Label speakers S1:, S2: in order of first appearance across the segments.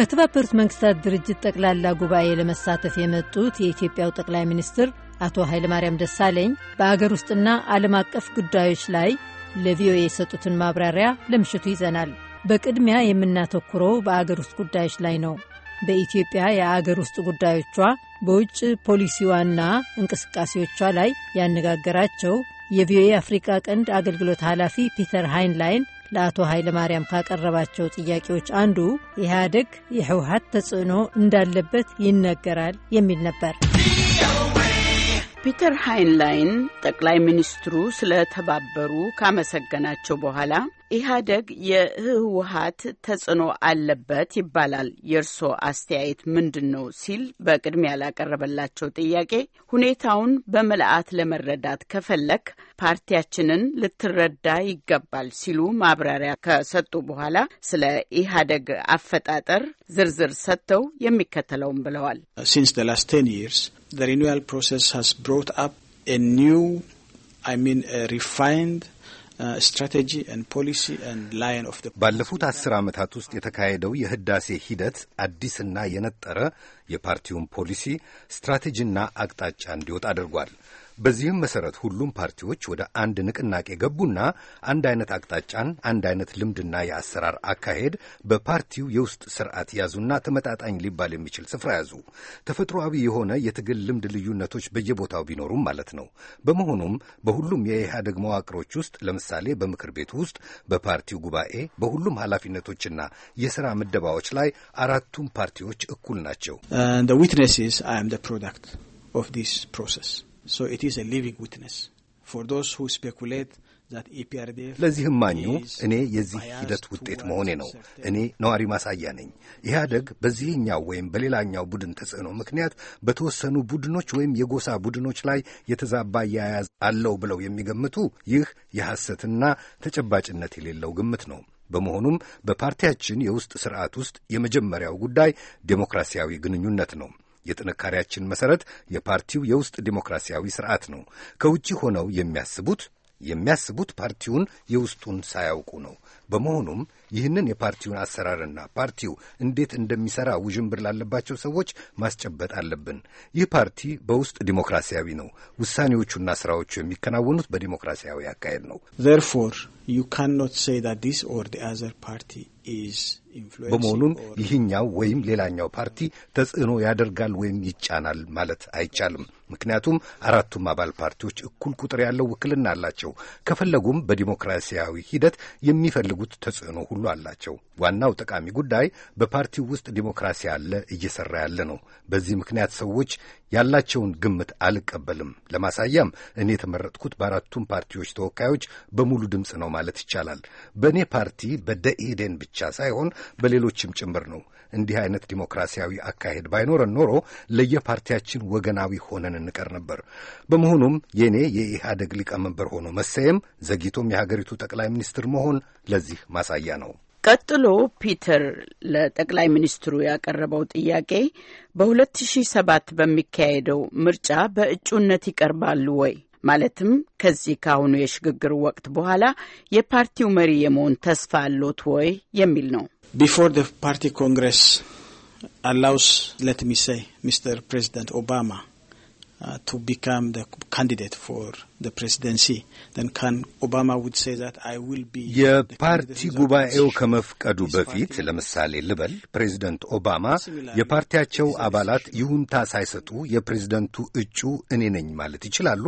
S1: በተባበሩት መንግስታት ድርጅት ጠቅላላ ጉባኤ ለመሳተፍ የመጡት የኢትዮጵያው ጠቅላይ ሚኒስትር አቶ ኃይለማርያም ደሳለኝ በአገር ውስጥና ዓለም አቀፍ ጉዳዮች ላይ ለቪኦኤ የሰጡትን ማብራሪያ ለምሽቱ ይዘናል። በቅድሚያ የምናተኩረው በአገር ውስጥ ጉዳዮች ላይ ነው። በኢትዮጵያ የአገር ውስጥ ጉዳዮቿ በውጭ ፖሊሲዋና እንቅስቃሴዎቿ ላይ ያነጋገራቸው የቪኦኤ አፍሪካ ቀንድ አገልግሎት ኃላፊ ፒተር ሃይንላይን ለአቶ ኃይለ ማርያም ካቀረባቸው ጥያቄዎች አንዱ ኢህአዴግ የህወሀት ተጽዕኖ እንዳለበት ይነገራል የሚል ነበር።
S2: ፒተር ሃይንላይን ጠቅላይ ሚኒስትሩ ስለተባበሩ ካመሰገናቸው በኋላ ኢህአደግ የህወሀት ተጽዕኖ አለበት ይባላል፣ የእርስዎ አስተያየት ምንድን ነው ሲል በቅድሚያ ላቀረበላቸው ጥያቄ ሁኔታውን በምልአት ለመረዳት ከፈለክ ፓርቲያችንን ልትረዳ ይገባል ሲሉ ማብራሪያ ከሰጡ በኋላ ስለ ኢህአደግ አፈጣጠር ዝርዝር ሰጥተው የሚከተለውም ብለዋል።
S3: ሲንስ ላስት ቴን ይርስ the renewal process has brought up a new, I mean, a refined uh,
S4: ባለፉት አስር ዓመታት ውስጥ የተካሄደው የህዳሴ ሂደት አዲስና የነጠረ የፓርቲውን ፖሊሲ ስትራቴጂና አቅጣጫ እንዲወጥ አድርጓል። በዚህም መሰረት ሁሉም ፓርቲዎች ወደ አንድ ንቅናቄ ገቡና አንድ አይነት አቅጣጫን፣ አንድ አይነት ልምድና የአሰራር አካሄድ በፓርቲው የውስጥ ስርዓት ያዙና ተመጣጣኝ ሊባል የሚችል ስፍራ ያዙ። ተፈጥሮአዊ የሆነ የትግል ልምድ ልዩነቶች በየቦታው ቢኖሩም ማለት ነው። በመሆኑም በሁሉም የኢህአደግ መዋቅሮች ውስጥ ለምሳሌ በምክር ቤቱ ውስጥ በፓርቲው ጉባኤ በሁሉም ኃላፊነቶችና የስራ ምደባዎች ላይ አራቱም ፓርቲዎች እኩል ናቸው።
S3: ዊትነስ ፕሮዳክት ኦፍ ዲስ ፕሮሰስ So it is a living witness for those who speculate e ለዚህም ማኙ እኔ የዚህ ሂደት ውጤት መሆኔ ነው።
S4: እኔ ነዋሪ ማሳያ ነኝ። ኢህአደግ በዚህኛው ወይም በሌላኛው ቡድን ተጽዕኖ ምክንያት በተወሰኑ ቡድኖች ወይም የጎሳ ቡድኖች ላይ የተዛባ አያያዝ አለው ብለው የሚገምቱ ይህ የሐሰትና ተጨባጭነት የሌለው ግምት ነው። በመሆኑም በፓርቲያችን የውስጥ ስርዓት ውስጥ የመጀመሪያው ጉዳይ ዴሞክራሲያዊ ግንኙነት ነው። የጥንካሬያችን መሠረት የፓርቲው የውስጥ ዲሞክራሲያዊ ስርዓት ነው። ከውጭ ሆነው የሚያስቡት የሚያስቡት ፓርቲውን የውስጡን ሳያውቁ ነው። በመሆኑም ይህንን የፓርቲውን አሰራርና ፓርቲው እንዴት እንደሚሰራ ውዥንብር ላለባቸው ሰዎች ማስጨበጥ አለብን። ይህ ፓርቲ በውስጥ ዲሞክራሲያዊ ነው። ውሳኔዎቹና ስራዎቹ የሚከናወኑት በዲሞክራሲያዊ አካሄድ ነው። ዘርፎር ዩ ካንኖት ሴይ ዲስ ኦር አዘር ፓርቲ ኢዝ በመሆኑም ይህኛው ወይም ሌላኛው ፓርቲ ተጽዕኖ ያደርጋል ወይም ይጫናል ማለት አይቻልም። ምክንያቱም አራቱም አባል ፓርቲዎች እኩል ቁጥር ያለው ውክልና አላቸው። ከፈለጉም በዲሞክራሲያዊ ሂደት የሚፈልጉ የሚያደርጉት ተጽዕኖ ሁሉ አላቸው። ዋናው ጠቃሚ ጉዳይ በፓርቲው ውስጥ ዲሞክራሲ አለ፣ እየሰራ ያለ ነው። በዚህ ምክንያት ሰዎች ያላቸውን ግምት አልቀበልም። ለማሳያም እኔ የተመረጥኩት በአራቱም ፓርቲዎች ተወካዮች በሙሉ ድምፅ ነው ማለት ይቻላል። በእኔ ፓርቲ በደኢህዴን ብቻ ሳይሆን በሌሎችም ጭምር ነው። እንዲህ አይነት ዲሞክራሲያዊ አካሄድ ባይኖረን ኖሮ ለየፓርቲያችን ወገናዊ ሆነን እንቀር ነበር። በመሆኑም የእኔ የኢህአደግ ሊቀመንበር ሆኖ መሰየም ዘግይቶም የሀገሪቱ ጠቅላይ ሚኒስትር መሆን ለዚህ ማሳያ ነው።
S2: ቀጥሎ ፒተር ለጠቅላይ ሚኒስትሩ ያቀረበው ጥያቄ በ2007 በሚካሄደው ምርጫ በእጩነት ይቀርባሉ ወይ? ማለትም ከዚህ ከአሁኑ የሽግግር ወቅት በኋላ የፓርቲው መሪ የመሆን ተስፋ አሎት ወይ የሚል ነው።
S3: ቢፎር ፓርቲ ኮንግረስ አላውስ ለት ሚ ሴይ ሚስተር ፕሬዚዳንት ኦባማ Uh, to become the candidate for the presidency, then can Obama would say that I will be የፓርቲ ጉባኤው ከመፍቀዱ በፊት
S4: ለምሳሌ ልበል ፕሬዚደንት ኦባማ የፓርቲያቸው አባላት ይሁንታ ሳይሰጡ የፕሬዚደንቱ እጩ እኔ ነኝ ማለት ይችላሉ?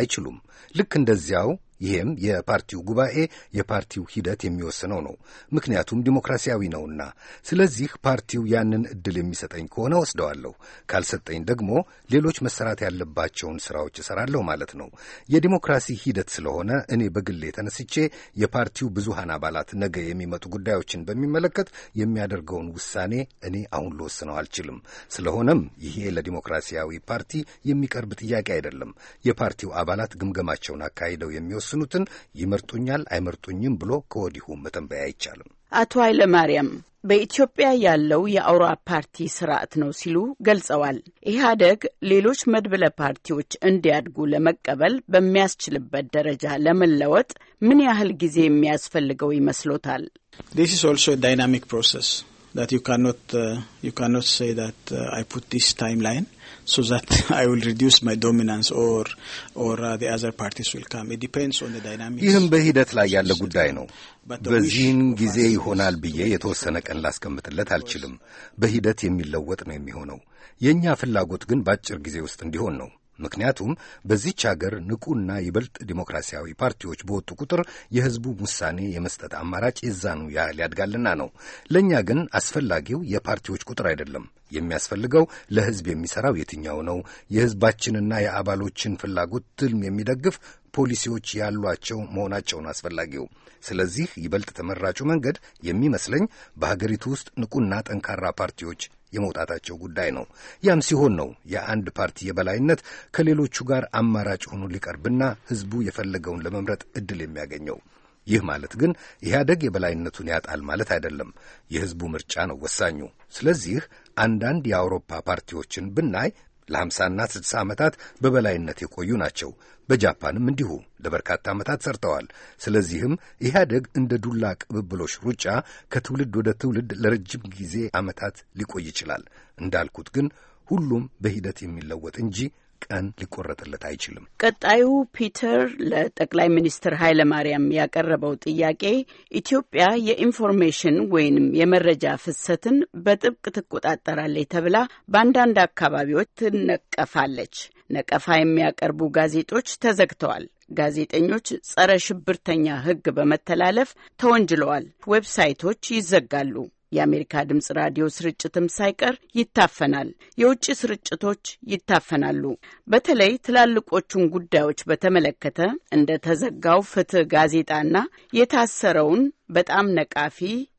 S4: አይችሉም። ልክ እንደዚያው ይህም የፓርቲው ጉባኤ የፓርቲው ሂደት የሚወስነው ነው። ምክንያቱም ዲሞክራሲያዊ ነውና። ስለዚህ ፓርቲው ያንን እድል የሚሰጠኝ ከሆነ ወስደዋለሁ፣ ካልሰጠኝ ደግሞ ሌሎች መሰራት ያለባቸውን ስራዎች እሰራለሁ ማለት ነው። የዲሞክራሲ ሂደት ስለሆነ እኔ በግሌ ተነስቼ የፓርቲው ብዙሃን አባላት ነገ የሚመጡ ጉዳዮችን በሚመለከት የሚያደርገውን ውሳኔ እኔ አሁን ልወስነው አልችልም። ስለሆነም ይሄ ለዲሞክራሲያዊ ፓርቲ የሚቀርብ ጥያቄ አይደለም። የፓርቲው አባላት ግምገማቸውን አካሂደው የሚወስ የሚወስኑትን ይመርጡኛል አይመርጡኝም ብሎ ከወዲሁ መተንበያ አይቻልም።
S2: አቶ ኃይለ ማርያም በኢትዮጵያ ያለው የአውራ ፓርቲ ስርዓት ነው ሲሉ ገልጸዋል። ኢህአደግ ሌሎች መድብለ ፓርቲዎች እንዲያድጉ ለመቀበል በሚያስችልበት ደረጃ ለመለወጥ ምን ያህል ጊዜ የሚያስፈልገው ይመስሎታል?
S3: ዲስ ኢዝ ኦልሶ ዳይናሚክ ፕሮሰስ that you cannot uh, you cannot say that uh, I put this timeline so that I will reduce my dominance or or uh, the other parties will come. It depends on the dynamics.
S4: ይህም በሂደት ላይ ያለ ጉዳይ ነው። በዚህን ጊዜ ይሆናል ብዬ የተወሰነ ቀን ላስቀምጥለት አልችልም። በሂደት የሚለወጥ ነው የሚሆነው። የእኛ ፍላጎት ግን በአጭር ጊዜ ውስጥ እንዲሆን ነው። ምክንያቱም በዚች አገር ንቁና ይበልጥ ዲሞክራሲያዊ ፓርቲዎች በወጡ ቁጥር የህዝቡ ውሳኔ የመስጠት አማራጭ የዛኑ ያህል ያድጋልና ነው። ለእኛ ግን አስፈላጊው የፓርቲዎች ቁጥር አይደለም። የሚያስፈልገው ለህዝብ የሚሰራው የትኛው ነው? የህዝባችንና የአባሎችን ፍላጎት ትልም የሚደግፍ ፖሊሲዎች ያሏቸው መሆናቸውን አስፈላጊው። ስለዚህ ይበልጥ ተመራጩ መንገድ የሚመስለኝ በሀገሪቱ ውስጥ ንቁና ጠንካራ ፓርቲዎች የመውጣታቸው ጉዳይ ነው። ያም ሲሆን ነው የአንድ ፓርቲ የበላይነት ከሌሎቹ ጋር አማራጭ ሆኖ ሊቀርብና ህዝቡ የፈለገውን ለመምረጥ እድል የሚያገኘው። ይህ ማለት ግን ኢህአደግ የበላይነቱን ያጣል ማለት አይደለም። የህዝቡ ምርጫ ነው ወሳኙ። ስለዚህ አንዳንድ የአውሮፓ ፓርቲዎችን ብናይ ለ50ና 60 ዓመታት በበላይነት የቆዩ ናቸው። በጃፓንም እንዲሁ ለበርካታ ዓመታት ሰርተዋል። ስለዚህም ኢህአደግ እንደ ዱላ ቅብብሎሽ ሩጫ ከትውልድ ወደ ትውልድ ለረጅም ጊዜ ዓመታት ሊቆይ ይችላል። እንዳልኩት ግን ሁሉም በሂደት የሚለወጥ እንጂ ቀን ሊቆረጥለት አይችልም።
S2: ቀጣዩ ፒተር ለጠቅላይ ሚኒስትር ኃይለ ማርያም ያቀረበው ጥያቄ ኢትዮጵያ የኢንፎርሜሽን ወይንም የመረጃ ፍሰትን በጥብቅ ትቆጣጠራለች ተብላ በአንዳንድ አካባቢዎች ትነቀፋለች። ነቀፋ የሚያቀርቡ ጋዜጦች ተዘግተዋል። ጋዜጠኞች ጸረ ሽብርተኛ ሕግ በመተላለፍ ተወንጅለዋል። ዌብሳይቶች ይዘጋሉ። የአሜሪካ ድምፅ ራዲዮ ስርጭትም ሳይቀር ይታፈናል። የውጭ ስርጭቶች ይታፈናሉ። በተለይ ትላልቆቹን ጉዳዮች በተመለከተ እንደ ተዘጋው ፍትህ ጋዜጣና የታሰረውን በጣም ነቃፊ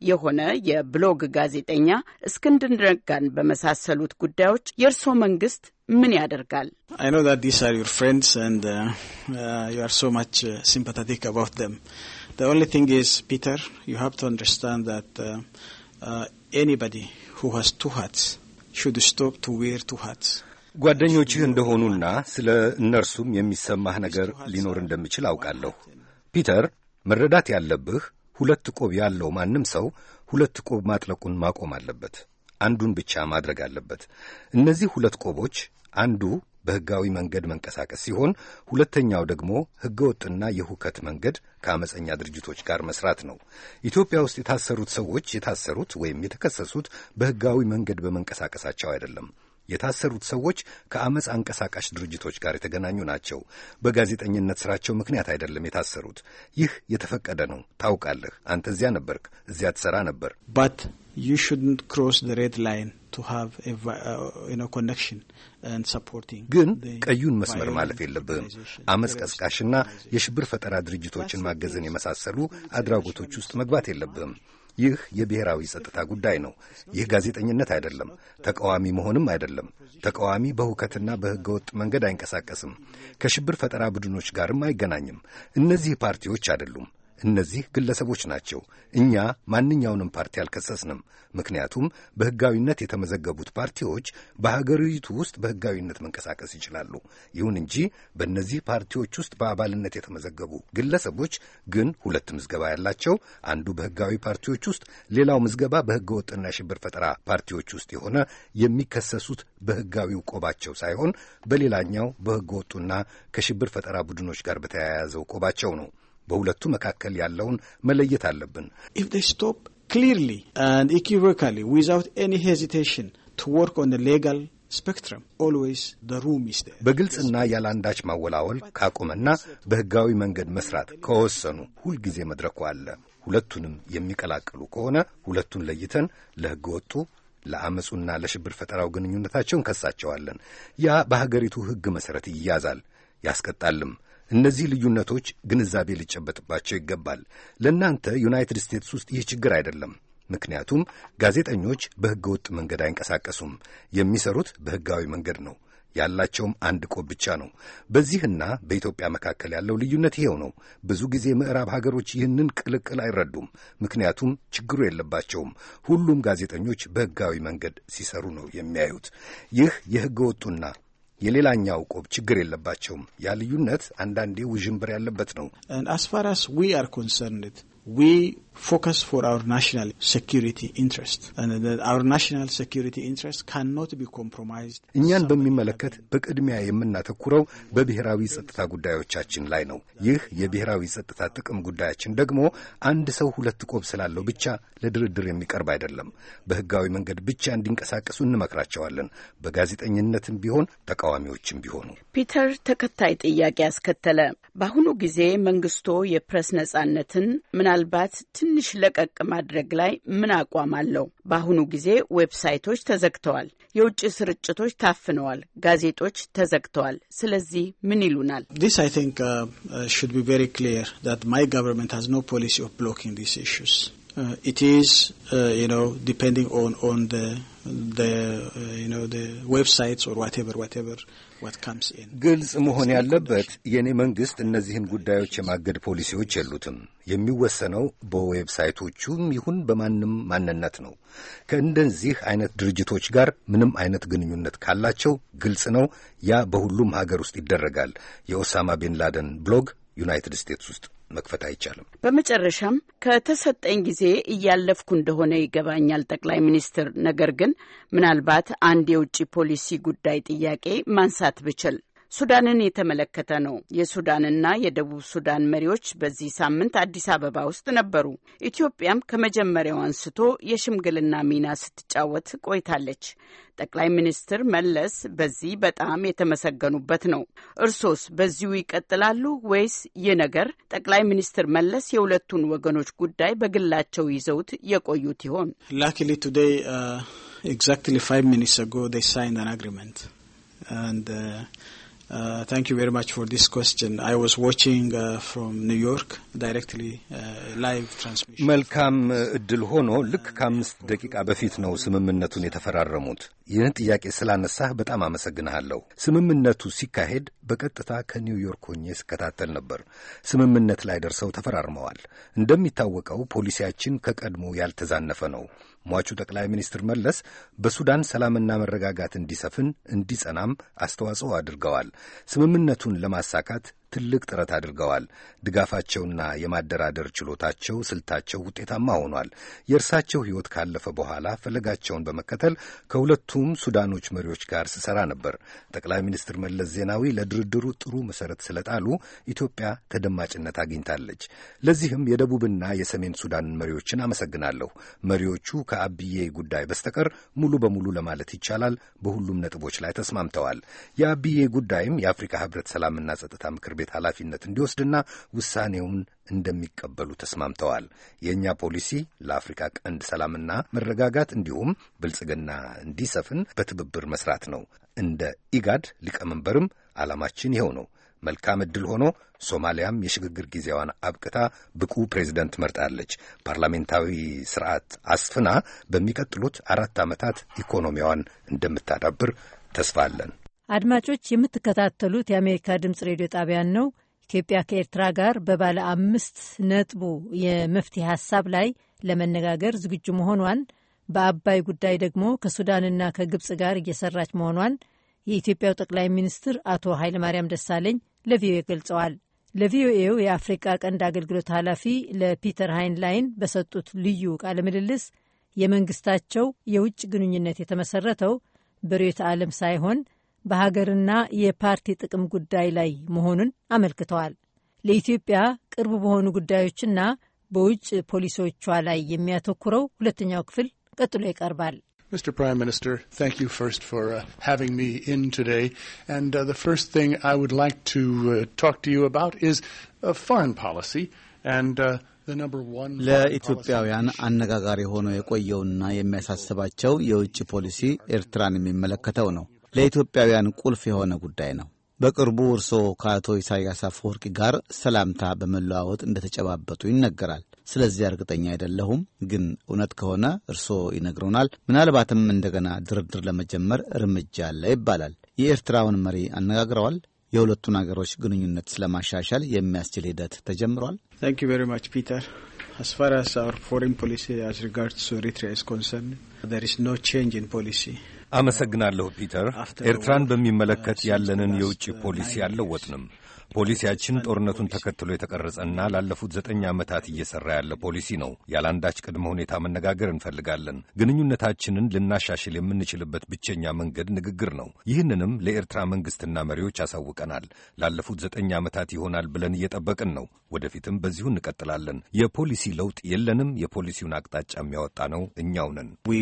S2: የሆነ የብሎግ ጋዜጠኛ እስክንድር ነጋን በመሳሰሉት ጉዳዮች የእርሶ መንግስት ምን ያደርጋል?
S3: አይ ዩር ቲንግ ፒተር ዩ ቱ አንደርስታንድ ዛት ኤኒባዲ uh,
S4: who has two hats should stop to wear ጓደኞችህ እንደሆኑና ስለ እነርሱም የሚሰማህ ነገር ሊኖር እንደሚችል አውቃለሁ። ፒተር፣ መረዳት ያለብህ ሁለት ቆብ ያለው ማንም ሰው ሁለት ቆብ ማጥለቁን ማቆም አለበት። አንዱን ብቻ ማድረግ አለበት። እነዚህ ሁለት ቆቦች አንዱ በህጋዊ መንገድ መንቀሳቀስ ሲሆን ሁለተኛው ደግሞ ህገወጥና የሁከት መንገድ ከአመፀኛ ድርጅቶች ጋር መስራት ነው። ኢትዮጵያ ውስጥ የታሰሩት ሰዎች የታሰሩት ወይም የተከሰሱት በህጋዊ መንገድ በመንቀሳቀሳቸው አይደለም። የታሰሩት ሰዎች ከአመፅ አንቀሳቃሽ ድርጅቶች ጋር የተገናኙ ናቸው። በጋዜጠኝነት ስራቸው ምክንያት አይደለም የታሰሩት። ይህ የተፈቀደ ነው። ታውቃለህ፣ አንተ እዚያ ነበርክ፣ እዚያ ትሰራ ነበር ባት you shouldn't cross
S3: the red line to have a, uh, you know, connection and supporting ግን ቀዩን መስመር ማለፍ
S4: የለብህም። አመፅ ቀስቃሽና የሽብር ፈጠራ ድርጅቶችን ማገዝን የመሳሰሉ አድራጎቶች ውስጥ መግባት የለብህም። ይህ የብሔራዊ ጸጥታ ጉዳይ ነው። ይህ ጋዜጠኝነት አይደለም። ተቃዋሚ መሆንም አይደለም። ተቃዋሚ በሁከትና በህገወጥ መንገድ አይንቀሳቀስም። ከሽብር ፈጠራ ቡድኖች ጋርም አይገናኝም። እነዚህ ፓርቲዎች አይደሉም። እነዚህ ግለሰቦች ናቸው። እኛ ማንኛውንም ፓርቲ አልከሰስንም። ምክንያቱም በሕጋዊነት የተመዘገቡት ፓርቲዎች በሀገሪቱ ውስጥ በሕጋዊነት መንቀሳቀስ ይችላሉ። ይሁን እንጂ በእነዚህ ፓርቲዎች ውስጥ በአባልነት የተመዘገቡ ግለሰቦች ግን ሁለት ምዝገባ ያላቸው፣ አንዱ በሕጋዊ ፓርቲዎች ውስጥ፣ ሌላው ምዝገባ ወጥና ሽብር ፈጠራ ፓርቲዎች ውስጥ የሆነ የሚከሰሱት በሕጋዊው ቆባቸው ሳይሆን በሌላኛው ወጡና ከሽብር ፈጠራ ቡድኖች ጋር በተያያዘው ቆባቸው ነው። በሁለቱ መካከል ያለውን መለየት አለብን። ክሊርሊ ኢኪቮካሊ ዊዛውት
S3: ኤኒ ሄዚቴሽን ቱ ወርክ ኦን ሌጋል ስፔክትረም ኦልዌይስ ሩም ኢዝ
S4: በግልጽና ያለአንዳች ማወላወል ካቆመና በህጋዊ መንገድ መስራት ከወሰኑ ሁልጊዜ መድረኩ አለ። ሁለቱንም የሚቀላቅሉ ከሆነ ሁለቱን ለይተን ለሕገ ወጡ ለአመፁና ለሽብር ፈጠራው ግንኙነታቸውን ከሳቸዋለን። ያ በሀገሪቱ ህግ መሠረት ይያዛል ያስቀጣልም። እነዚህ ልዩነቶች ግንዛቤ ሊጨበጥባቸው ይገባል። ለእናንተ ዩናይትድ ስቴትስ ውስጥ ይህ ችግር አይደለም። ምክንያቱም ጋዜጠኞች በሕገ ወጥ መንገድ አይንቀሳቀሱም። የሚሰሩት በሕጋዊ መንገድ ነው። ያላቸውም አንድ ቆብ ብቻ ነው። በዚህና በኢትዮጵያ መካከል ያለው ልዩነት ይሄው ነው። ብዙ ጊዜ ምዕራብ ሀገሮች ይህንን ቅልቅል አይረዱም፣ ምክንያቱም ችግሩ የለባቸውም። ሁሉም ጋዜጠኞች በሕጋዊ መንገድ ሲሰሩ ነው የሚያዩት። ይህ የሕገ ወጡና የሌላኛው ቆብ ችግር የለባቸውም። ያ ልዩነት አንዳንዴ ውዥንብር ያለበት ነው።
S3: focus for our national security interest and that our national security interest cannot be compromised
S4: እኛን በሚመለከት በቅድሚያ የምናተኩረው በብሔራዊ ጸጥታ ጉዳዮቻችን ላይ ነው። ይህ የብሔራዊ ጸጥታ ጥቅም ጉዳያችን ደግሞ አንድ ሰው ሁለት ቆብ ስላለው ብቻ ለድርድር የሚቀርብ አይደለም። በህጋዊ መንገድ ብቻ እንዲንቀሳቀሱ እንመክራቸዋለን። በጋዜጠኝነትም ቢሆን ተቃዋሚዎችም ቢሆኑ።
S2: ፒተር ተከታይ ጥያቄ አስከተለ። በአሁኑ ጊዜ መንግስቶ የፕሬስ ነጻነትን ምናልባት ትን ትንሽ ለቀቅ ማድረግ ላይ ምን አቋም አለው? በአሁኑ ጊዜ ዌብሳይቶች ተዘግተዋል፣ የውጭ ስርጭቶች ታፍነዋል፣ ጋዜጦች ተዘግተዋል። ስለዚህ ምን ይሉናል?
S3: Uh, uh, uh, it is, uh, you know, depending on, on the, the, uh, you know, the websites or whatever, ግልጽ መሆን
S4: ያለበት የእኔ መንግሥት እነዚህን ጉዳዮች የማገድ ፖሊሲዎች የሉትም። የሚወሰነው በዌብሳይቶቹም ይሁን በማንም ማንነት ነው። ከእንደዚህ አይነት ድርጅቶች ጋር ምንም አይነት ግንኙነት ካላቸው ግልጽ ነው። ያ በሁሉም ሀገር ውስጥ ይደረጋል። የኦሳማ ቢን ላደን ብሎግ ዩናይትድ ስቴትስ ውስጥ መክፈት አይቻልም።
S2: በመጨረሻም ከተሰጠኝ ጊዜ እያለፍኩ እንደሆነ ይገባኛል ጠቅላይ ሚኒስትር፣ ነገር ግን ምናልባት አንድ የውጭ ፖሊሲ ጉዳይ ጥያቄ ማንሳት ብችል ሱዳንን የተመለከተ ነው። የሱዳንና የደቡብ ሱዳን መሪዎች በዚህ ሳምንት አዲስ አበባ ውስጥ ነበሩ። ኢትዮጵያም ከመጀመሪያው አንስቶ የሽምግልና ሚና ስትጫወት ቆይታለች። ጠቅላይ ሚኒስትር መለስ በዚህ በጣም የተመሰገኑበት ነው። እርሶስ በዚሁ ይቀጥላሉ ወይስ ይህ ነገር ጠቅላይ ሚኒስትር መለስ የሁለቱን ወገኖች ጉዳይ በግላቸው ይዘውት የቆዩት ይሆን? ላኪሊ ቱዴይ
S3: ኤግዛክትሊ ፋይቭ ሚኒትስ አጎ ዴይ ሳይንድ አን አግሪመንት Uh, thank you very much for this question. I was watching uh, from New York uh,
S4: መልካም uh, እድል ሆኖ ልክ ከአምስት ደቂቃ በፊት ነው ስምምነቱን የተፈራረሙት። ይህን ጥያቄ ስላነሳህ በጣም አመሰግንሃለሁ። ስምምነቱ ሲካሄድ በቀጥታ ከኒውዮርክ ሆኜ ስከታተል ነበር። ስምምነት ላይ ደርሰው ተፈራርመዋል። እንደሚታወቀው ፖሊሲያችን ከቀድሞ ያልተዛነፈ ነው። ሟቹ ጠቅላይ ሚኒስትር መለስ በሱዳን ሰላምና መረጋጋት እንዲሰፍን እንዲጸናም አስተዋጽኦ አድርገዋል። ስምምነቱን ለማሳካት ትልቅ ጥረት አድርገዋል። ድጋፋቸውና የማደራደር ችሎታቸው፣ ስልታቸው ውጤታማ ሆኗል። የእርሳቸው ሕይወት ካለፈ በኋላ ፈለጋቸውን በመከተል ከሁለቱም ሱዳኖች መሪዎች ጋር ስሰራ ነበር። ጠቅላይ ሚኒስትር መለስ ዜናዊ ለድርድሩ ጥሩ መሰረት ስለጣሉ ኢትዮጵያ ተደማጭነት አግኝታለች። ለዚህም የደቡብና የሰሜን ሱዳን መሪዎችን አመሰግናለሁ። መሪዎቹ ከአብዬ ጉዳይ በስተቀር ሙሉ በሙሉ ለማለት ይቻላል በሁሉም ነጥቦች ላይ ተስማምተዋል። የአብዬ ጉዳይም የአፍሪካ ህብረት ሰላምና ጸጥታ ምክር ቤት ኃላፊነት እንዲወስድና ውሳኔውን እንደሚቀበሉ ተስማምተዋል። የእኛ ፖሊሲ ለአፍሪካ ቀንድ ሰላምና መረጋጋት እንዲሁም ብልጽግና እንዲሰፍን በትብብር መስራት ነው። እንደ ኢጋድ ሊቀመንበርም ዓላማችን ይኸው ነው። መልካም ዕድል ሆኖ ሶማሊያም የሽግግር ጊዜዋን አብቅታ ብቁ ፕሬዚደንት መርጣለች። ፓርላሜንታዊ ስርዓት አስፍና በሚቀጥሉት አራት ዓመታት ኢኮኖሚዋን እንደምታዳብር ተስፋ አለን።
S1: አድማጮች የምትከታተሉት የአሜሪካ ድምፅ ሬዲዮ ጣቢያን ነው። ኢትዮጵያ ከኤርትራ ጋር በባለ አምስት ነጥቡ የመፍትሄ ሀሳብ ላይ ለመነጋገር ዝግጁ መሆኗን፣ በአባይ ጉዳይ ደግሞ ከሱዳንና ከግብፅ ጋር እየሰራች መሆኗን የኢትዮጵያው ጠቅላይ ሚኒስትር አቶ ኃይለማርያም ደሳለኝ ለቪኦኤ ገልጸዋል። ለቪኦኤው የአፍሪቃ ቀንድ አገልግሎት ኃላፊ ለፒተር ሃይንላይን በሰጡት ልዩ ቃለ ምልልስ የመንግስታቸው የውጭ ግንኙነት የተመሰረተው በርዕዮተ ዓለም ሳይሆን በሀገርና የፓርቲ ጥቅም ጉዳይ ላይ መሆኑን አመልክተዋል። ለኢትዮጵያ ቅርብ በሆኑ ጉዳዮችና በውጭ ፖሊሲዎቿ ላይ የሚያተኩረው ሁለተኛው ክፍል ቀጥሎ ይቀርባል። Mr.
S2: Prime Minister, thank you first for uh, having me in today. And uh, the first thing I would like to uh, talk to you about is uh, foreign policy and uh, the number one. ለኢትዮጵያውያን
S5: አነጋጋሪ ሆኖ የቆየውና የሚያሳስባቸው የውጭ ፖሊሲ ኤርትራን የሚመለከተው ነው። ለኢትዮጵያውያን ቁልፍ የሆነ ጉዳይ ነው። በቅርቡ እርስዎ ከአቶ ኢሳያስ አፈወርቂ ጋር ሰላምታ በመለዋወጥ እንደተጨባበጡ ይነገራል። ስለዚህ እርግጠኛ አይደለሁም፣ ግን እውነት ከሆነ እርስዎ ይነግሩናል። ምናልባትም እንደገና ድርድር ለመጀመር እርምጃ አለ ይባላል። የኤርትራውን መሪ አነጋግረዋል። የሁለቱን አገሮች ግንኙነት ስለማሻሻል የሚያስችል ሂደት ተጀምሯል።
S3: ታንክ ዩ ቨሪ ማች ፒተር አስ ፋር አስ አወር ፖሊሲ አስ ሪጋርድስ ኤርትራ ኢዝ ኮንሰርን ኢዝ ኖ ቼንጅ
S4: ኢን ፖሊሲ አመሰግናለሁ ፒተር። ኤርትራን በሚመለከት ያለንን የውጭ ፖሊሲ አልለወጥንም። ፖሊሲያችን ጦርነቱን ተከትሎ የተቀረጸና ላለፉት ዘጠኝ ዓመታት እየሰራ ያለ ፖሊሲ ነው። ያለአንዳች ቅድመ ሁኔታ መነጋገር እንፈልጋለን። ግንኙነታችንን ልናሻሽል የምንችልበት ብቸኛ መንገድ ንግግር ነው። ይህንንም ለኤርትራ መንግሥትና መሪዎች አሳውቀናል። ላለፉት ዘጠኝ ዓመታት ይሆናል ብለን እየጠበቅን ነው። ወደፊትም በዚሁ እንቀጥላለን። የፖሊሲ ለውጥ የለንም። የፖሊሲውን አቅጣጫ የሚያወጣ ነው እኛው ነን። uh,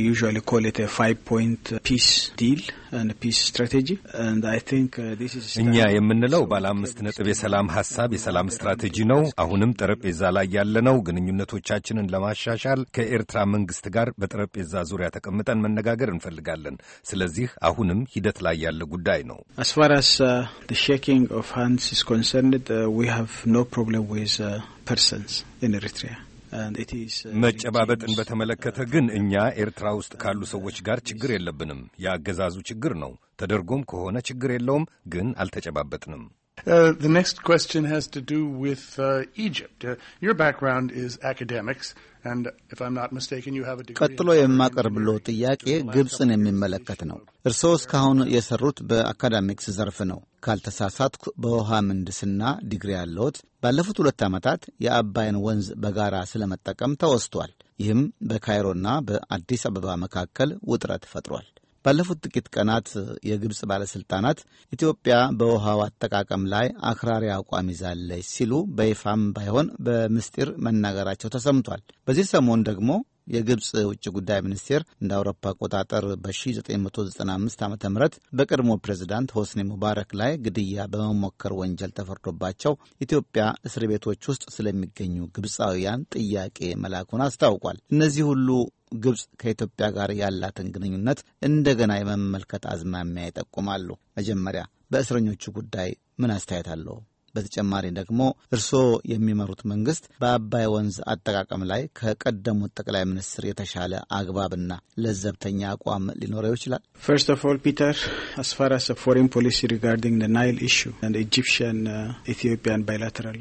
S4: እኛ የምንለው ባለ አምስት ነጥብ የሰላም ሐሳብ የሰላም ስትራቴጂ ነው። አሁንም ጠረጴዛ ላይ ያለነው ግንኙነቶቻችንን ለማሻሻል ከኤርትራ መንግሥት ጋር በጠረጴዛ ዙሪያ ተቀምጠን መነጋገር እንፈልጋለን። ስለዚህ አሁንም ሂደት ላይ ያለ ጉዳይ ነው።
S3: as far as uh, the shaking uh, uh,
S4: uh, መጨባበጥን በተመለከተ ግን እኛ ኤርትራ ውስጥ ካሉ ሰዎች ጋር ችግር የለብንም። የአገዛዙ ችግር ነው። ተደርጎም ከሆነ ችግር የለውም፣ ግን አልተጨባበጥንም።
S2: Uh, the next question has to do with uh, Egypt. Uh, your background is academics, ቀጥሎ
S5: የማቀርብለው ጥያቄ ግብፅን የሚመለከት ነው። እርስዎ እስካሁን የሰሩት በአካዳሚክስ ዘርፍ ነው። ካልተሳሳትኩ በውሃ ምህንድስና ዲግሪ ያለዎት። ባለፉት ሁለት ዓመታት የአባይን ወንዝ በጋራ ስለመጠቀም ተወስቷል። ይህም በካይሮና በአዲስ አበባ መካከል ውጥረት ፈጥሯል። ባለፉት ጥቂት ቀናት የግብፅ ባለሥልጣናት ኢትዮጵያ በውሃው አጠቃቀም ላይ አክራሪ አቋም ይዛለች ሲሉ በይፋም ባይሆን በምስጢር መናገራቸው ተሰምቷል። በዚህ ሰሞን ደግሞ የግብፅ ውጭ ጉዳይ ሚኒስቴር እንደ አውሮፓ አቆጣጠር በ1995 ዓ ም በቀድሞ ፕሬዚዳንት ሆስኒ ሙባረክ ላይ ግድያ በመሞከር ወንጀል ተፈርዶባቸው ኢትዮጵያ እስር ቤቶች ውስጥ ስለሚገኙ ግብፃውያን ጥያቄ መላኩን አስታውቋል። እነዚህ ሁሉ ግብፅ ከኢትዮጵያ ጋር ያላትን ግንኙነት እንደገና የመመልከት አዝማሚያ ይጠቁማሉ። መጀመሪያ በእስረኞቹ ጉዳይ ምን አስተያየት አለው? በተጨማሪ ደግሞ እርስዎ የሚመሩት መንግስት በአባይ ወንዝ አጠቃቀም ላይ ከቀደሙት ጠቅላይ ሚኒስትር የተሻለ አግባብና ለዘብተኛ አቋም ሊኖረው ይችላል።
S3: ፈርስት ኦፍ ኦል ፒተር አስ ፋር አስ ፎሬን ፖሊሲ ሪጋርዲንግ ናይል ኢሹ ኢጂፕሽን ኢትዮጵያን ባይላተራል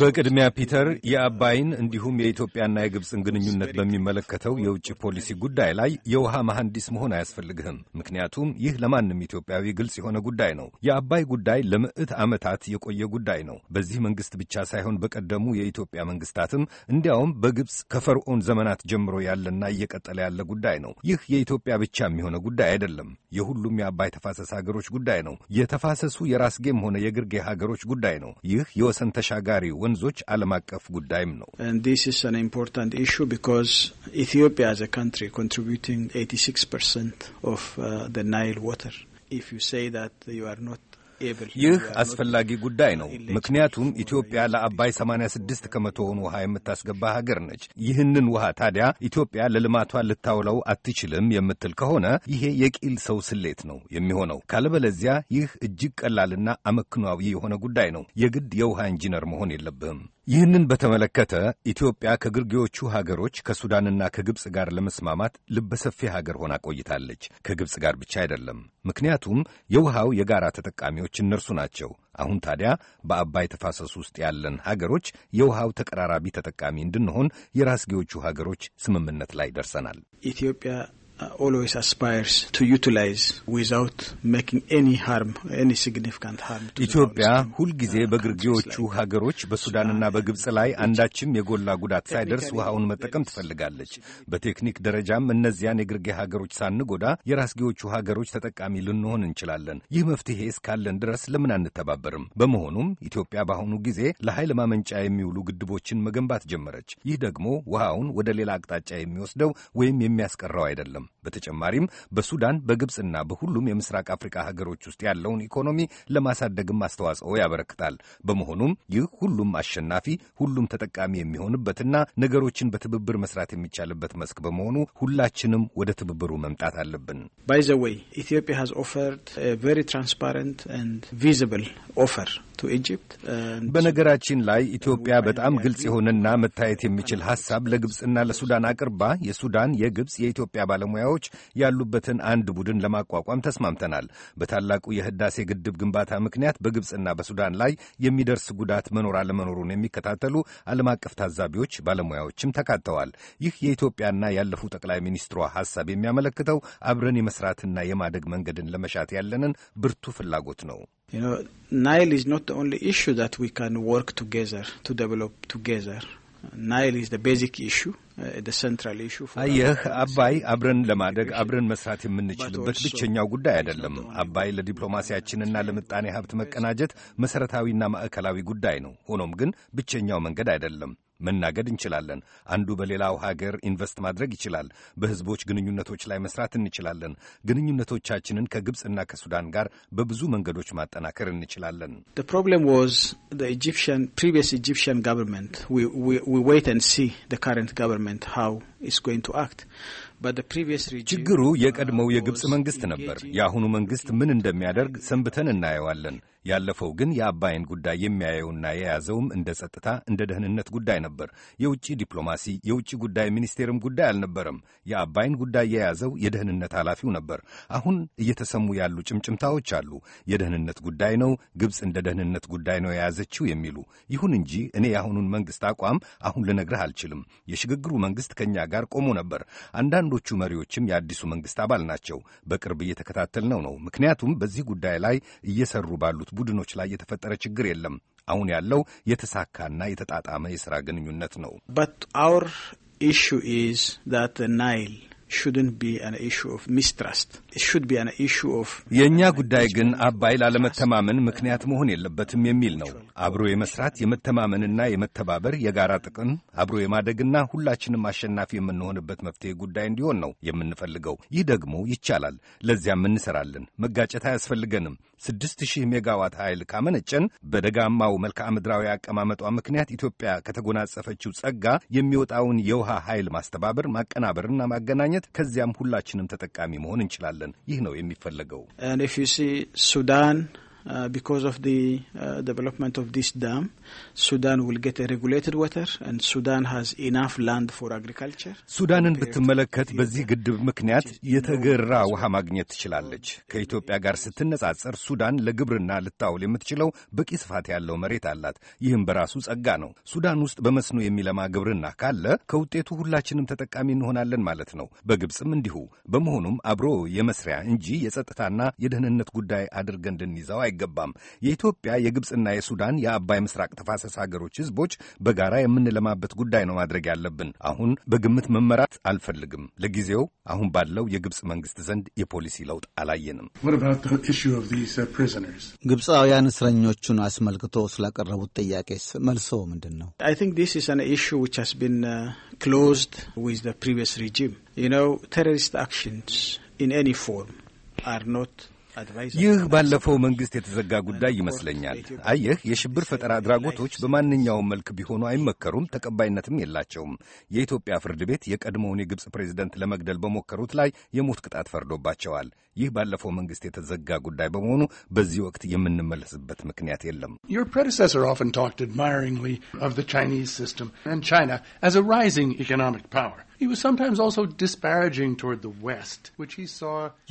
S4: በቅድሚያ ፒተር የአባይን እንዲሁም የኢትዮጵያና የግብፅን ግንኙነት በሚመለከተው የውጭ ፖሊሲ ጉዳይ ላይ የውሃ መሐንዲስ መሆን አያስፈልግህም። ምክንያቱም ይህ ለማንም ኢትዮጵያዊ ግልጽ የሆነ ጉዳይ ነው። የአባይ ጉዳይ ለምዕት ዓመታት የቆየ የቆየ ጉዳይ ነው። በዚህ መንግስት ብቻ ሳይሆን በቀደሙ የኢትዮጵያ መንግስታትም እንዲያውም በግብፅ ከፈርዖን ዘመናት ጀምሮ ያለና እየቀጠለ ያለ ጉዳይ ነው። ይህ የኢትዮጵያ ብቻ የሚሆነ ጉዳይ አይደለም። የሁሉም የአባይ ተፋሰስ ሀገሮች ጉዳይ ነው። የተፋሰሱ የራስጌም ሆነ የግርጌ ሀገሮች ጉዳይ ነው። ይህ የወሰን ተሻጋሪ ወንዞች ዓለም አቀፍ ጉዳይም ነው።
S3: ኢትዮጵያ as a country contributing 86%
S4: of uh, the Nile water.
S3: If ይህ አስፈላጊ
S4: ጉዳይ ነው። ምክንያቱም ኢትዮጵያ ለአባይ 86 ከመቶውን ውሃ የምታስገባ ሀገር ነች። ይህንን ውሃ ታዲያ ኢትዮጵያ ለልማቷ ልታውለው አትችልም የምትል ከሆነ ይሄ የቂል ሰው ስሌት ነው የሚሆነው። ካለበለዚያ ይህ እጅግ ቀላልና አመክኗዊ የሆነ ጉዳይ ነው። የግድ የውሃ ኢንጂነር መሆን የለብህም። ይህንን በተመለከተ ኢትዮጵያ ከግርጌዎቹ ሀገሮች ከሱዳንና ከግብፅ ጋር ለመስማማት ልበሰፊ ሀገር ሆና ቆይታለች። ከግብፅ ጋር ብቻ አይደለም፣ ምክንያቱም የውሃው የጋራ ተጠቃሚዎች እነርሱ ናቸው። አሁን ታዲያ በአባይ ተፋሰስ ውስጥ ያለን ሀገሮች የውሃው ተቀራራቢ ተጠቃሚ እንድንሆን የራስጌዎቹ ሀገሮች ስምምነት ላይ ደርሰናል።
S3: ኢትዮጵያ Uh, always aspires to utilize without making any harm, any significant harm.
S4: ኢትዮጵያ ሁልጊዜ uh, በግርጌዎቹ ሀገሮች በሱዳንና uh, በግብፅ ላይ አንዳችም የጎላ ጉዳት ሳይደርስ ውሃውን መጠቀም ትፈልጋለች። በቴክኒክ ደረጃም እነዚያን የግርጌ ሀገሮች ሳንጎዳ የራስጌዎቹ ሀገሮች ተጠቃሚ ልንሆን እንችላለን። ይህ መፍትሄ እስካለን ድረስ ለምን አንተባበርም? በመሆኑም ኢትዮጵያ በአሁኑ ጊዜ ለኃይል ማመንጫ የሚውሉ ግድቦችን መገንባት ጀመረች። ይህ ደግሞ ውሃውን ወደ ሌላ አቅጣጫ የሚወስደው ወይም የሚያስቀረው አይደለም። በተጨማሪም በሱዳን በግብፅና በሁሉም የምስራቅ አፍሪካ ሀገሮች ውስጥ ያለውን ኢኮኖሚ ለማሳደግም አስተዋጽኦ ያበረክታል። በመሆኑም ይህ ሁሉም አሸናፊ ሁሉም ተጠቃሚ የሚሆንበትና ነገሮችን በትብብር መስራት የሚቻልበት መስክ በመሆኑ ሁላችንም ወደ ትብብሩ መምጣት አለብን።
S3: ባይ ዘ ኢትዮጵያ ሀዝ ኦፈርድ ቨሪ ትራንስፓረንት ኤንድ ቪዚብል
S4: ኦፈር በነገራችን ላይ ኢትዮጵያ በጣም ግልጽ የሆነና መታየት የሚችል ሐሳብ ለግብፅና ለሱዳን አቅርባ የሱዳን የግብፅ፣ የኢትዮጵያ ባለሙያዎች ያሉበትን አንድ ቡድን ለማቋቋም ተስማምተናል። በታላቁ የህዳሴ ግድብ ግንባታ ምክንያት በግብፅና በሱዳን ላይ የሚደርስ ጉዳት መኖር አለመኖሩን የሚከታተሉ ዓለም አቀፍ ታዛቢዎች ባለሙያዎችም ተካተዋል። ይህ የኢትዮጵያና ያለፉ ጠቅላይ ሚኒስትሯ ሐሳብ የሚያመለክተው አብረን የመስራትና የማደግ መንገድን ለመሻት ያለንን ብርቱ ፍላጎት ነው።
S3: You know, Nile is not the only issue that we can work together to develop together. ናይል ኢዝ ቤዚክ ኢሹ ሰንትራል ኢሹ።
S4: አየህ አባይ አብረን ለማደግ አብረን መስራት የምንችልበት ብቸኛው ጉዳይ አይደለም። አባይ ለዲፕሎማሲያችንና ለምጣኔ ሀብት መቀናጀት መሰረታዊና ማዕከላዊ ጉዳይ ነው። ሆኖም ግን ብቸኛው መንገድ አይደለም። መናገድ እንችላለን። አንዱ በሌላው ሀገር ኢንቨስት ማድረግ ይችላል። በህዝቦች ግንኙነቶች ላይ መስራት እንችላለን። ግንኙነቶቻችንን ከግብፅና ከሱዳን ጋር በብዙ መንገዶች ማጠናከር እንችላለን። ኢጂፕሽን ችግሩ የቀድሞው የግብፅ መንግስት ነበር። የአሁኑ መንግስት ምን እንደሚያደርግ ሰንብተን እናየዋለን። ያለፈው ግን የአባይን ጉዳይ የሚያየውና የያዘውም እንደ ጸጥታ፣ እንደ ደህንነት ጉዳይ ነበር። የውጭ ዲፕሎማሲ፣ የውጭ ጉዳይ ሚኒስቴርም ጉዳይ አልነበረም። የአባይን ጉዳይ የያዘው የደህንነት ኃላፊው ነበር። አሁን እየተሰሙ ያሉ ጭምጭምታዎች አሉ። የደህንነት ጉዳይ ነው፣ ግብፅ እንደ ደህንነት ጉዳይ ነው የያዘችው የሚሉ። ይሁን እንጂ እኔ የአሁኑን መንግስት አቋም አሁን ልነግርህ አልችልም። የሽግግሩ መንግስት ከእኛ ጋር ቆሞ ነበር። አንዳንድ አንዳንዶቹ መሪዎችም የአዲሱ መንግሥት አባል ናቸው። በቅርብ እየተከታተልነው ነው። ምክንያቱም በዚህ ጉዳይ ላይ እየሰሩ ባሉት ቡድኖች ላይ የተፈጠረ ችግር የለም። አሁን ያለው የተሳካና የተጣጣመ የሥራ ግንኙነት ነው። ኢሹ ኢዝ ዛት ናይል የእኛ ጉዳይ ግን አባይ ላለመተማመን ምክንያት መሆን የለበትም የሚል ነው። አብሮ የመስራት የመተማመንና የመተባበር የጋራ ጥቅም አብሮ የማደግና ሁላችንም አሸናፊ የምንሆንበት መፍትሄ ጉዳይ እንዲሆን ነው የምንፈልገው። ይህ ደግሞ ይቻላል። ለዚያም እንሰራለን። መጋጨት አያስፈልገንም። ስድስት ሺህ ሜጋዋት ኃይል ካመነጨን በደጋማው መልክዓ ምድራዊ አቀማመጧ ምክንያት ኢትዮጵያ ከተጎናጸፈችው ጸጋ የሚወጣውን የውሃ ኃይል ማስተባበር ማቀናበርና ማገናኘት ማግኘት፣ ከዚያም ሁላችንም ተጠቃሚ መሆን እንችላለን። ይህ ነው የሚፈለገው።
S3: ሱዳን uh, because of the uh, development of this dam, Sudan will get a regulated water and Sudan has enough land for agriculture.
S4: ሱዳንን ብትመለከት በዚህ ግድብ ምክንያት የተገራ ውሃ ማግኘት ትችላለች። ከኢትዮጵያ ጋር ስትነጻጸር ሱዳን ለግብርና ልታውል የምትችለው በቂ ስፋት ያለው መሬት አላት። ይህም በራሱ ጸጋ ነው። ሱዳን ውስጥ በመስኖ የሚለማ ግብርና ካለ ከውጤቱ ሁላችንም ተጠቃሚ እንሆናለን ማለት ነው። በግብፅም እንዲሁ። በመሆኑም አብሮ የመስሪያ እንጂ የጸጥታና የደህንነት ጉዳይ አድርገን እንድንይዘው አይገ አይገባም። የኢትዮጵያ የግብፅና የሱዳን የአባይ ምስራቅ ተፋሰስ ሀገሮች ህዝቦች በጋራ የምንለማበት ጉዳይ ነው ማድረግ ያለብን። አሁን በግምት መመራት አልፈልግም። ለጊዜው አሁን ባለው የግብፅ መንግስት ዘንድ የፖሊሲ ለውጥ አላየንም።
S5: uh, ግብፃውያን እስረኞቹን አስመልክቶ ስላቀረቡት ጥያቄ መልሶ ምንድን ነው?
S3: ቴሮሪስት አክሽንስ ኢን
S4: ኤኒ ፎርም አር ኖት ይህ ባለፈው መንግሥት የተዘጋ ጉዳይ ይመስለኛል። አየህ፣ የሽብር ፈጠራ አድራጎቶች በማንኛውም መልክ ቢሆኑ አይመከሩም፣ ተቀባይነትም የላቸውም። የኢትዮጵያ ፍርድ ቤት የቀድሞውን የግብፅ ፕሬዚደንት ለመግደል በሞከሩት ላይ የሞት ቅጣት ፈርዶባቸዋል። ይህ ባለፈው መንግሥት የተዘጋ ጉዳይ በመሆኑ በዚህ ወቅት የምንመለስበት ምክንያት
S2: የለም። Your predecessor often talked admiringly of the Chinese system and China as a rising economic power.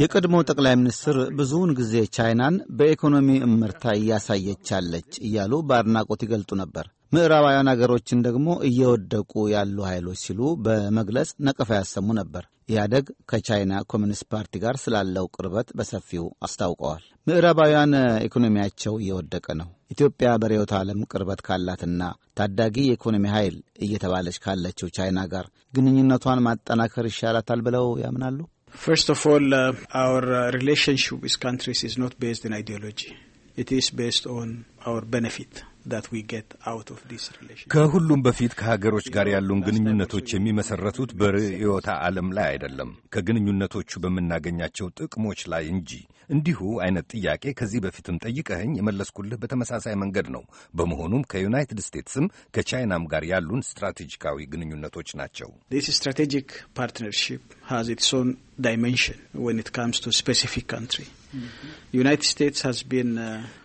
S5: የቀድሞ ጠቅላይ ሚኒስትር ብዙውን ጊዜ ቻይናን በኢኮኖሚ እምርታ እያሳየቻለች እያሉ በአድናቆት ይገልጡ ነበር። ምዕራባውያን አገሮችን ደግሞ እየወደቁ ያሉ ኃይሎች ሲሉ በመግለጽ ነቀፋ ያሰሙ ነበር። ኢህአደግ ከቻይና ኮሚኒስት ፓርቲ ጋር ስላለው ቅርበት በሰፊው አስታውቀዋል። ምዕራባውያን ኢኮኖሚያቸው እየወደቀ ነው። ኢትዮጵያ በርዕዮተ ዓለም ቅርበት ካላትና ታዳጊ የኢኮኖሚ ኃይል እየተባለች ካለችው ቻይና ጋር ግንኙነቷን ማጠናከር ይሻላታል ብለው ያምናሉ።
S3: ፈርስት ኦፍ ኦል አወር ሪሌሽንሺፕ ዊዝ ካንትሪስ ኢዝ ኖት ቤዝድ ኢን አይዲዮሎጂ ኢት ኢዝ ቤዝድ ኦን አወር ቤኔፊት
S4: ከሁሉም በፊት ከሀገሮች ጋር ያሉን ግንኙነቶች የሚመሰረቱት በርዕዮተ ዓለም ላይ አይደለም፣ ከግንኙነቶቹ በምናገኛቸው ጥቅሞች ላይ እንጂ። እንዲሁ አይነት ጥያቄ ከዚህ በፊትም ጠይቀህኝ የመለስኩልህ በተመሳሳይ መንገድ ነው። በመሆኑም ከዩናይትድ ስቴትስም ከቻይናም ጋር ያሉን ስትራቴጂካዊ ግንኙነቶች ናቸው። ስትራቴጂክ ፓርትነርሺፕ ሃዝ ኢትስ ኦን ዳይሜንሽን ወን ኢት ካምስ ቱ ስፔሲፊክ ካንትሪ
S3: Uh,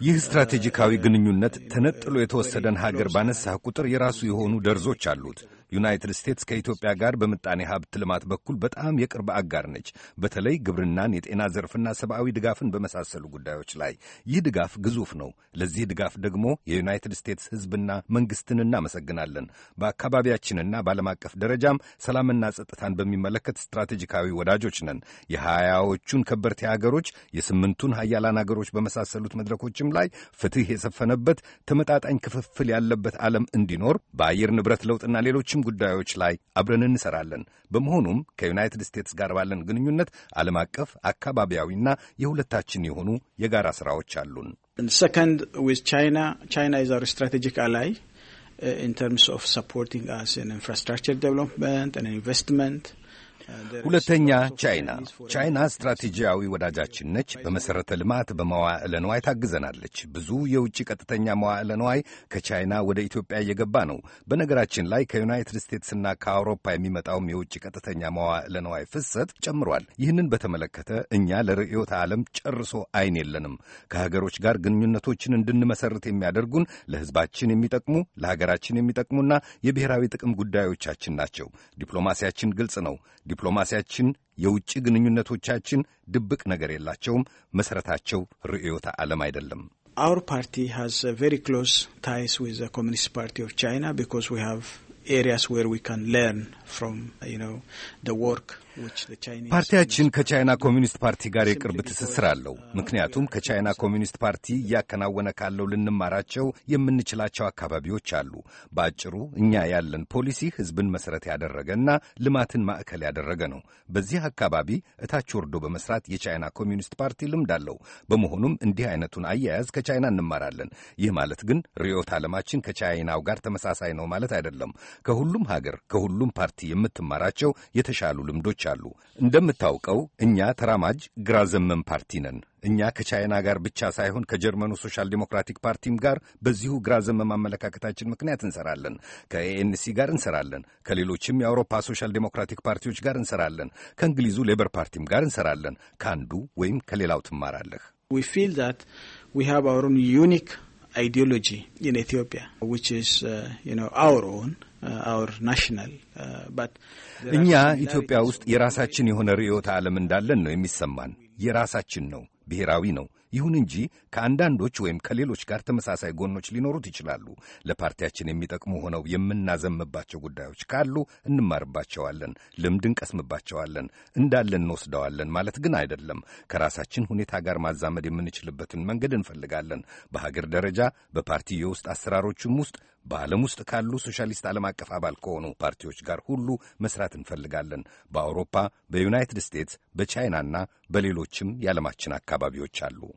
S4: ይህ ስትራቴጂካዊ ግንኙነት ተነጥሎ የተወሰደን ሀገር ባነሳህ ቁጥር የራሱ የሆኑ ደርዞች አሉት። ዩናይትድ ስቴትስ ከኢትዮጵያ ጋር በምጣኔ ሀብት ልማት በኩል በጣም የቅርብ አጋር ነች። በተለይ ግብርናን፣ የጤና ዘርፍና ሰብአዊ ድጋፍን በመሳሰሉ ጉዳዮች ላይ ይህ ድጋፍ ግዙፍ ነው። ለዚህ ድጋፍ ደግሞ የዩናይትድ ስቴትስ ሕዝብና መንግስትን እናመሰግናለን። በአካባቢያችንና በዓለም አቀፍ ደረጃም ሰላምና ጸጥታን በሚመለከት ስትራቴጂካዊ ወዳጆች ነን። የሀያዎቹን ከበርቴ ሀገሮች የስምንቱን ሀያላን ሀገሮች በመሳሰሉት መድረኮችም ላይ ፍትህ የሰፈነበት ተመጣጣኝ ክፍፍል ያለበት ዓለም እንዲኖር በአየር ንብረት ለውጥና ሌሎችም በሌሎችም ጉዳዮች ላይ አብረን እንሰራለን። በመሆኑም ከዩናይትድ ስቴትስ ጋር ባለን ግንኙነት ዓለም አቀፍ አካባቢያዊና የሁለታችን የሆኑ የጋራ ስራዎች አሉን።
S3: ሰከንድ ዊዝ ቻይና ቻይና ኢዝ አወር ስትራቴጂክ አላይ ኢን ተርምስ ኦፍ ሰፖርቲንግ አስ ኢንፍራስትራክቸር ዴቨሎፕመንት ኢንቨስትመንት
S4: ሁለተኛ ቻይና። ቻይና ስትራቴጂያዊ ወዳጃችን ነች። በመሠረተ ልማት፣ በመዋዕለ ንዋይ ታግዘናለች። ብዙ የውጭ ቀጥተኛ መዋዕለ ንዋይ ከቻይና ወደ ኢትዮጵያ እየገባ ነው። በነገራችን ላይ ከዩናይትድ ስቴትስና ከአውሮፓ የሚመጣውም የውጭ ቀጥተኛ መዋዕለ ንዋይ ፍሰት ጨምሯል። ይህንን በተመለከተ እኛ ለርዕዮተ ዓለም ጨርሶ አይን የለንም። ከሀገሮች ጋር ግንኙነቶችን እንድንመሰርት የሚያደርጉን ለሕዝባችን የሚጠቅሙ ለሀገራችን የሚጠቅሙና የብሔራዊ ጥቅም ጉዳዮቻችን ናቸው። ዲፕሎማሲያችን ግልጽ ነው። ዲፕሎማሲያችን፣ የውጭ ግንኙነቶቻችን ድብቅ ነገር የላቸውም። መሠረታቸው ርዕዮተ ዓለም አይደለም።
S3: Our party has uh, very close ties with the Communist Party of China because we have areas where we can learn from, you know, the work ፓርቲያችን
S4: ከቻይና ኮሚኒስት ፓርቲ ጋር የቅርብ ትስስር አለው። ምክንያቱም ከቻይና ኮሚኒስት ፓርቲ እያከናወነ ካለው ልንማራቸው የምንችላቸው አካባቢዎች አሉ። በአጭሩ እኛ ያለን ፖሊሲ ሕዝብን መሠረት ያደረገና ልማትን ማዕከል ያደረገ ነው። በዚህ አካባቢ እታች ወርዶ በመስራት የቻይና ኮሚኒስት ፓርቲ ልምድ አለው። በመሆኑም እንዲህ አይነቱን አያያዝ ከቻይና እንማራለን። ይህ ማለት ግን ርዕዮተ ዓለማችን ከቻይናው ጋር ተመሳሳይ ነው ማለት አይደለም። ከሁሉም ሀገር ከሁሉም ፓርቲ የምትማራቸው የተሻሉ ልምዶች ፓርቲዎች አሉ። እንደምታውቀው እኛ ተራማጅ ግራ ዘመም ፓርቲ ነን። እኛ ከቻይና ጋር ብቻ ሳይሆን ከጀርመኑ ሶሻል ዲሞክራቲክ ፓርቲም ጋር በዚሁ ግራ ዘመም አመለካከታችን ምክንያት እንሰራለን። ከኤኤንሲ ጋር እንሰራለን። ከሌሎችም የአውሮፓ ሶሻል ዲሞክራቲክ ፓርቲዎች ጋር እንሰራለን። ከእንግሊዙ ሌበር ፓርቲም ጋር እንሰራለን። ከአንዱ ወይም ከሌላው ትማራለህ።
S3: We feel that we have our own Uh, uh,
S4: እኛ ኢትዮጵያ ውስጥ የራሳችን የሆነ ርዕዮተ ዓለም እንዳለን ነው የሚሰማን። የራሳችን ነው፣ ብሔራዊ ነው። ይሁን እንጂ ከአንዳንዶች ወይም ከሌሎች ጋር ተመሳሳይ ጎኖች ሊኖሩት ይችላሉ። ለፓርቲያችን የሚጠቅሙ ሆነው የምናዘምባቸው ጉዳዮች ካሉ እንማርባቸዋለን፣ ልምድ እንቀስምባቸዋለን፣ እንዳለን እንወስደዋለን ማለት ግን አይደለም። ከራሳችን ሁኔታ ጋር ማዛመድ የምንችልበትን መንገድ እንፈልጋለን። በሀገር ደረጃ በፓርቲ የውስጥ አሰራሮችም ውስጥ በዓለም ውስጥ ካሉ ሶሻሊስት ዓለም አቀፍ አባል ከሆኑ ፓርቲዎች ጋር ሁሉ መስራት እንፈልጋለን። በአውሮፓ፣ በዩናይትድ ስቴትስ፣ በቻይናና በሌሎችም የዓለማችን አካባቢዎች አሉ።